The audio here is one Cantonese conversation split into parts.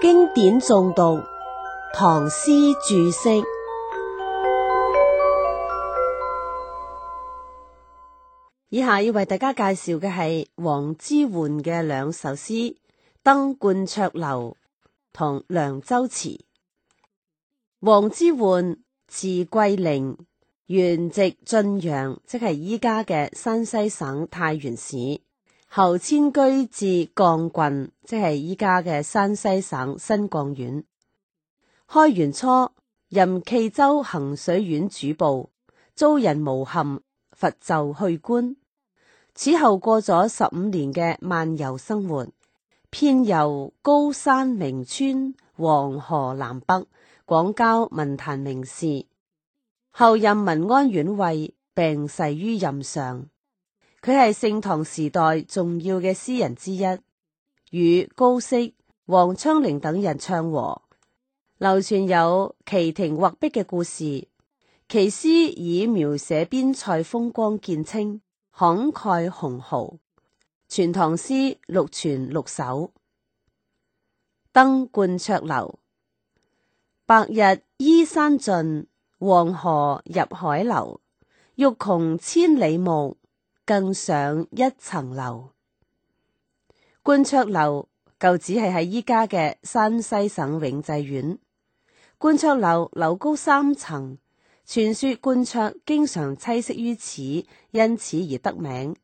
經典誦讀，唐詩註釋。以下要為大家介紹嘅係王之渙嘅兩首詩《登鸛雀樓》同《涼州詞》。王之渙，字季凌，原籍晉陽，即係依家嘅山西省太原市。後遷居至絳郡，即係依家嘅山西省新絳縣。開元初，任冀州衡水縣主簿，遭人誣陷，佛就去官。此後過咗十五年嘅漫遊生活，遍遊高山名川、黃河南北、廣交文壇名士。後任文安縣尉，病逝於任上。佢係盛唐時代重要嘅詩人之一，與高適、王昌齡等人唱和，流傳有奇亭畫壁嘅故事。其詩以描寫邊塞風光見稱，慷慨雄豪。全唐詩錄存六首，灌灌《登鸛雀樓》：白日依山盡，黃河入海流。欲窮千里目。更上一層樓，鸛雀樓舊址係喺依家嘅山西省永濟縣。鸛雀樓樓高三層，傳說鸛雀經常棲息於此，因此而得名。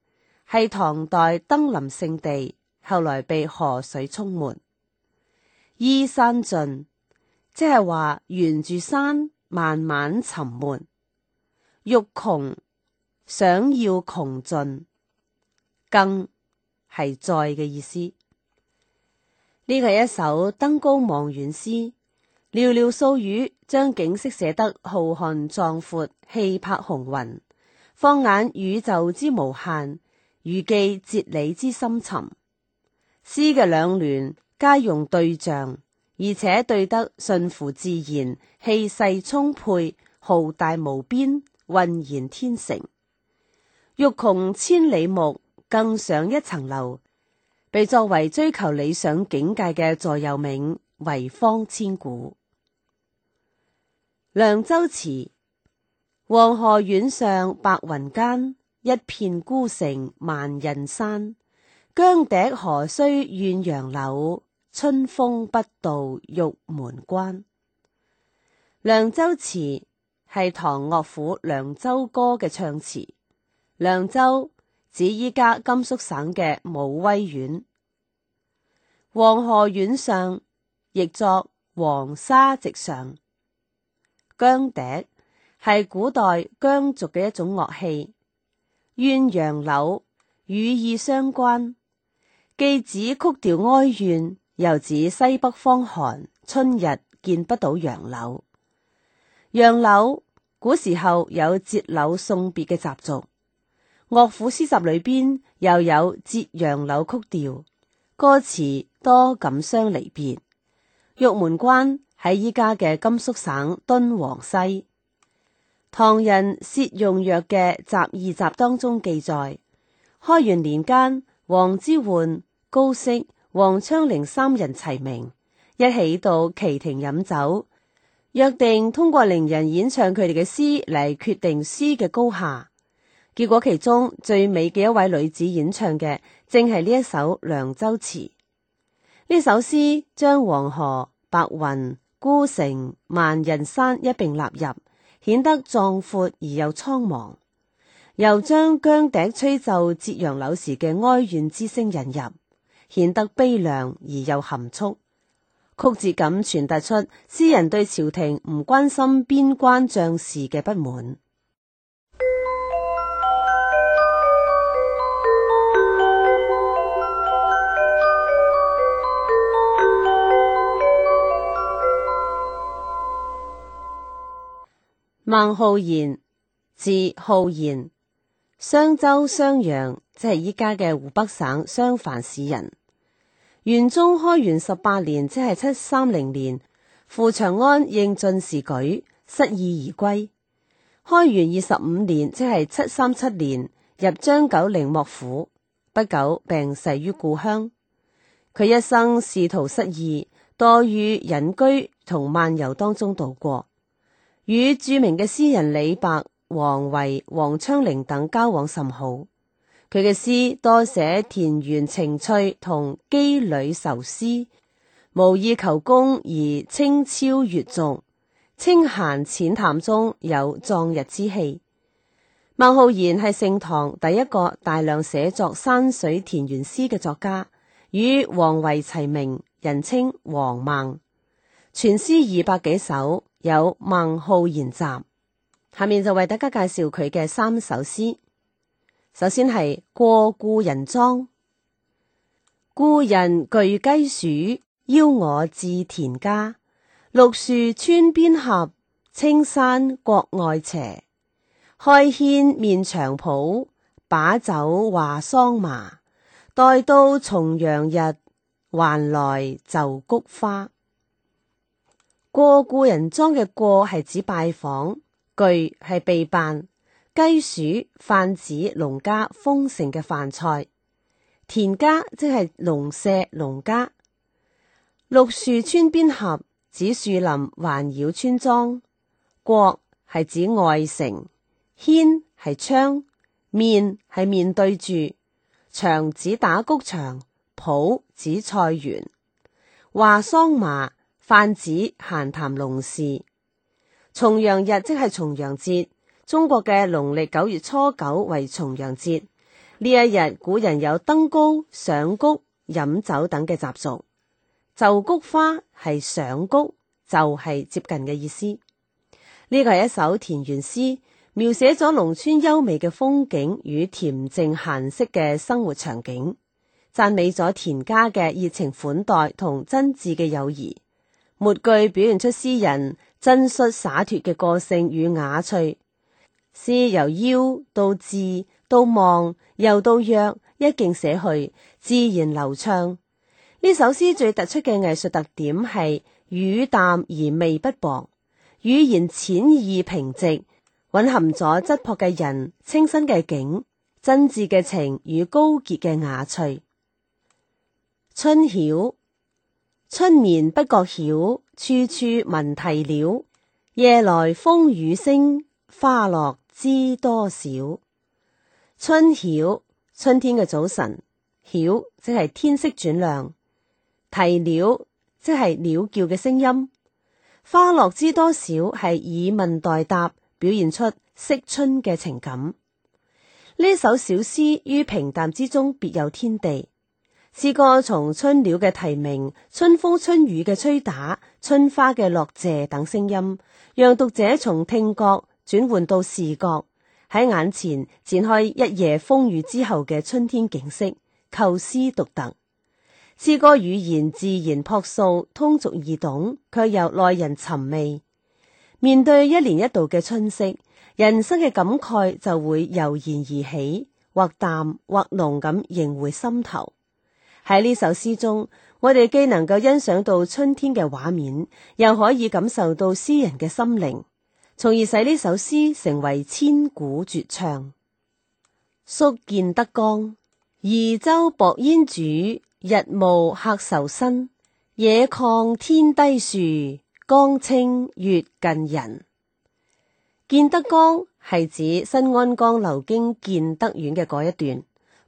係唐代登臨勝地，後來被河水沖沒。依山盡，即係話沿住山慢慢沉沒。欲窮。想要窮盡，更係再嘅意思。呢個係一首登高望遠詩，寥寥數語將景色寫得浩瀚壯闊、氣魄雄渾。放眼宇宙之無限，如寄哲理之深沉。詩嘅兩聯皆用對仗，而且對得順乎自然，氣勢充沛，浩大無邊，渾然天成。欲窮千里目，更上一層樓，被作為追求理想境界嘅座右銘，遺芳千古。《涼州詞》：黃河遠上白雲間，一片孤城萬仞山。羌笛何須怨楊柳？春風不度玉門關。《涼州詞》係唐樂府《涼州歌》嘅唱詞。涼州指依家甘肅省嘅武威縣，黃河縣上亦作黃沙直上。羌笛係古代羌族嘅一種樂器。怨楊柳語意相關，既指曲調哀怨，又指西北方寒春日見不到楊柳。楊柳古時候有折柳送別嘅習俗。樂府詩集裏邊又有《折楊柳》曲調，歌詞多感傷離別。玉門關喺而家嘅甘肅省敦煌西。唐人薛用弱嘅集異記當中記載，開元年間，王之渙、高適、王昌齡三人齊名，一起到旗亭飲酒，約定通過伶人演唱佢哋嘅詩嚟決定詩嘅高下。結果其中最美嘅一位女子演唱嘅，正係呢一首《涼州詞》。呢首詩將黃河、白雲、孤城、萬仞山一并納入，顯得壯闊而又蒼茫；又將羌笛吹奏《折楊柳》時嘅哀怨之聲引入，顯得悲涼而又含蓄。曲折咁傳達出詩人對朝廷唔關心邊關將士嘅不滿。孟浩然，字浩然，襄州襄陽，即係依家嘅湖北省襄樊市人。玄宗開元十八年，即係七三零年，赴長安應進士舉，失意而歸。開元二十五年，即係七三七年，入張九齡幕府，不久病逝於故鄉。佢一生仕途失意，多於隱居同漫遊當中度過。與著名嘅詩人李白、王維、王昌齡等交往甚好，佢嘅詩多寫田園情趣同羈旅愁思，無意求工而清超越俗，清閒淺淡中有壯逸之氣。孟浩然係盛唐第一個大量寫作山水田園詩嘅作家，與王維齊名，人稱王孟。全詩二百幾首。有孟浩然集，下面就為大家介紹佢嘅三首詩。首先係《過故人莊》，故人具雞黍，邀我至田家。綠樹村邊合，青山郭外斜。開軒面場圃，把酒話桑麻。待到重陽日，還來就菊花。過故人莊嘅過係指拜訪，具係備辦，雞黍泛指農家豐盛嘅飯菜，田家即係農舍、農家。綠樹村邊合指樹林環繞村莊，郭係指外城，軒係窗，面係面對住，場指打穀場，圃指菜園，話桑麻。泛指閒談農事。重陽日，即係重陽節。中國嘅農曆九月初九為重陽節。呢一日，古人有登高、賞菊、飲酒等嘅習俗。就菊花係賞菊，就係、是、接近嘅意思。呢個係一首田園詩，描寫咗農村優美嘅風景與恬靜閒適嘅生活場景，讚美咗田家嘅熱情款待同真摯嘅友誼。末句表現出詩人真率灑脫嘅個性與雅趣。詩由邀到至到望又到約一徑寫去，自然流暢。呢首詩最突出嘅藝術特點係語淡而味不薄，語言淺易平直，蘊含咗質樸嘅人、清新嘅景、真摯嘅情與高潔嘅雅趣。春曉。春眠不覺曉，處處聞啼鳥。夜來風雨聲，花落知多少。春曉，春天嘅早晨，曉即係天色轉亮，啼鳥即係鳥叫嘅聲音。花落知多少係以問代答，表現出惜春嘅情感。呢首小詩於平淡之中別有天地。詩歌從春鳥嘅啼鳴、春風春雨嘅吹打、春花嘅落謝等聲音，讓讀者從聽覺轉換到視覺，喺眼前展開一夜風雨之後嘅春天景色。構思獨特，詩歌語言自然樸素，通俗易懂，卻又耐人尋味。面對一年一度嘅春色，人生嘅感慨就會油然而起，或淡或濃咁縈回心頭。喺呢首詩中，我哋既能夠欣賞到春天嘅畫面，又可以感受到詩人嘅心靈，從而使呢首詩成為千古絕唱。宿建德江，移舟泊煙渚，日暮客愁新。野曠天低樹，江清月近人。建德江係指新安江流經建德縣嘅嗰一段，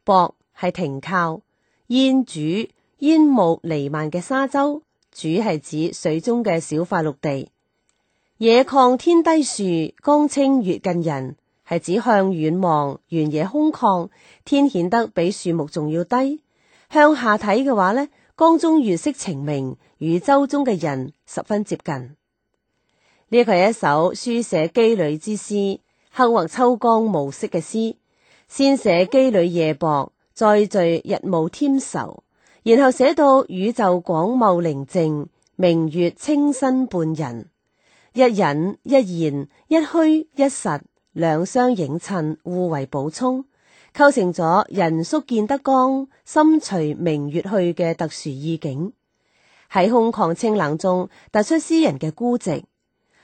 泊係停靠。煙渚，煙霧彌漫嘅沙洲。渚係指水中嘅小塊陸地。野曠天低樹，江清月近人，係指向遠望，原野空曠，天顯得比樹木仲要低。向下睇嘅話呢，江中月色澄明，與舟中嘅人十分接近。呢個係一首書寫羈旅之詩，刻畫秋光暮色嘅詩。先寫羈旅夜泊。再聚日暮添愁，然後寫到宇宙廣袤寧靜，明月清新伴人。一人一言一虛一實，兩相映襯，互為補充，構成咗人宿見得光，心隨明月去嘅特殊意境。喺空曠清冷中，突出詩人嘅孤寂。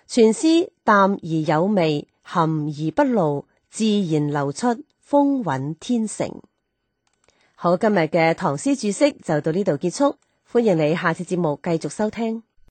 全詩淡而有味，含而不露，自然流出，風韻天成。好，今日嘅唐詩注釋就到呢度結束，歡迎你下次節目繼續收聽。